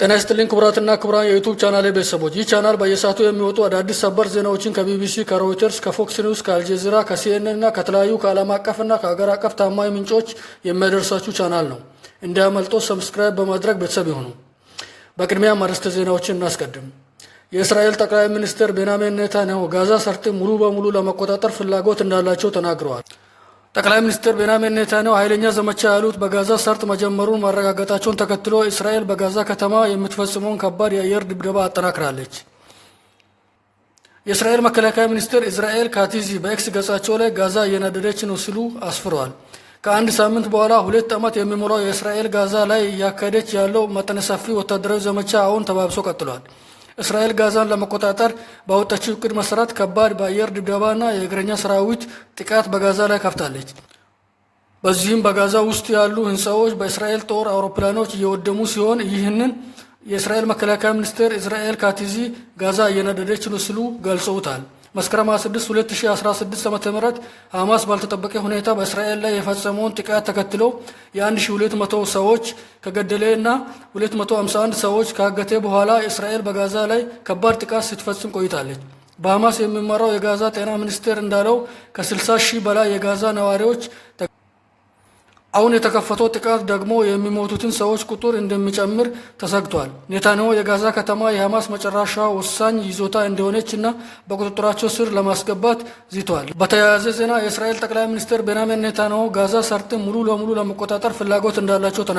ጤና ይስጥልኝ ክቡራትና ክቡራን የዩቱብ ቻናል ቤተሰቦች፣ ይህ ቻናል በየሰዓቱ የሚወጡ አዳዲስ ሰበር ዜናዎችን ከቢቢሲ፣ ከሮይተርስ፣ ከፎክስ ኒውስ፣ ከአልጀዚራ፣ ከሲኤንኤን እና ከተለያዩ ከዓለም አቀፍና ከሀገር አቀፍ ታማኝ ምንጮች የሚያደርሳችሁ ቻናል ነው። እንዳያመልጦ ሰብስክራይብ በማድረግ ቤተሰብ ይሁኑ። በቅድሚያ አርዕስተ ዜናዎችን እናስቀድም። የእስራኤል ጠቅላይ ሚኒስትር ቤንያሚን ኔታንያሁ ጋዛ ሰርጥን ሙሉ በሙሉ ለመቆጣጠር ፍላጎት እንዳላቸው ተናግረዋል። ጠቅላይ ሚኒስትር ቤንያሚን ኔታንያሁ ኃይለኛ ዘመቻ ያሉት በጋዛ ሰርጥ መጀመሩን ማረጋገጣቸውን ተከትሎ እስራኤል በጋዛ ከተማ የምትፈጽመውን ከባድ የአየር ድብደባ አጠናክራለች። የእስራኤል መከላከያ ሚኒስትር እስራኤል ካቲዚ በኤክስ ገጻቸው ላይ ጋዛ እየነደደች ነው ሲሉ አስፍረዋል። ከአንድ ሳምንት በኋላ ሁለት ዓመት የሚሞላው የእስራኤል ጋዛ ላይ እያካሄደች ያለው መጠነ ሰፊ ወታደራዊ ዘመቻ አሁን ተባብሶ ቀጥሏል። እስራኤል ጋዛን ለመቆጣጠር ባወጣችው እቅድ መሰረት ከባድ በአየር ድብደባና የእግረኛ ሰራዊት ጥቃት በጋዛ ላይ ከፍታለች። በዚህም በጋዛ ውስጥ ያሉ ህንፃዎች በእስራኤል ጦር አውሮፕላኖች እየወደሙ ሲሆን ይህንን የእስራኤል መከላከያ ሚኒስቴር እስራኤል ካቲዚ ጋዛ እየነደደች ነው ሲሉ ገልጸውታል። መስከረም 26 2016 ዓ ም ሐማስ ባልተጠበቀ ሁኔታ በእስራኤል ላይ የፈጸመውን ጥቃት ተከትሎ የ1200 ሰዎች ከገደለና 251 ሰዎች ካገተ በኋላ እስራኤል በጋዛ ላይ ከባድ ጥቃት ስትፈጽም ቆይታለች። በሐማስ የሚመራው የጋዛ ጤና ሚኒስቴር እንዳለው ከ60 ሺህ በላይ የጋዛ ነዋሪዎች አሁን የተከፈተው ጥቃት ደግሞ የሚሞቱትን ሰዎች ቁጥር እንደሚጨምር ተሰግቷል። ኔታንያሁ የጋዛ ከተማ የሐማስ መጨረሻ ወሳኝ ይዞታ እንደሆነች እና በቁጥጥራቸው ስር ለማስገባት ዝቷል። በተያያዘ ዜና የእስራኤል ጠቅላይ ሚኒስትር ቤንያሚን ኔታንያሁ ጋዛ ሰርጥን ሙሉ ለሙሉ ለመቆጣጠር ፍላጎት እንዳላቸው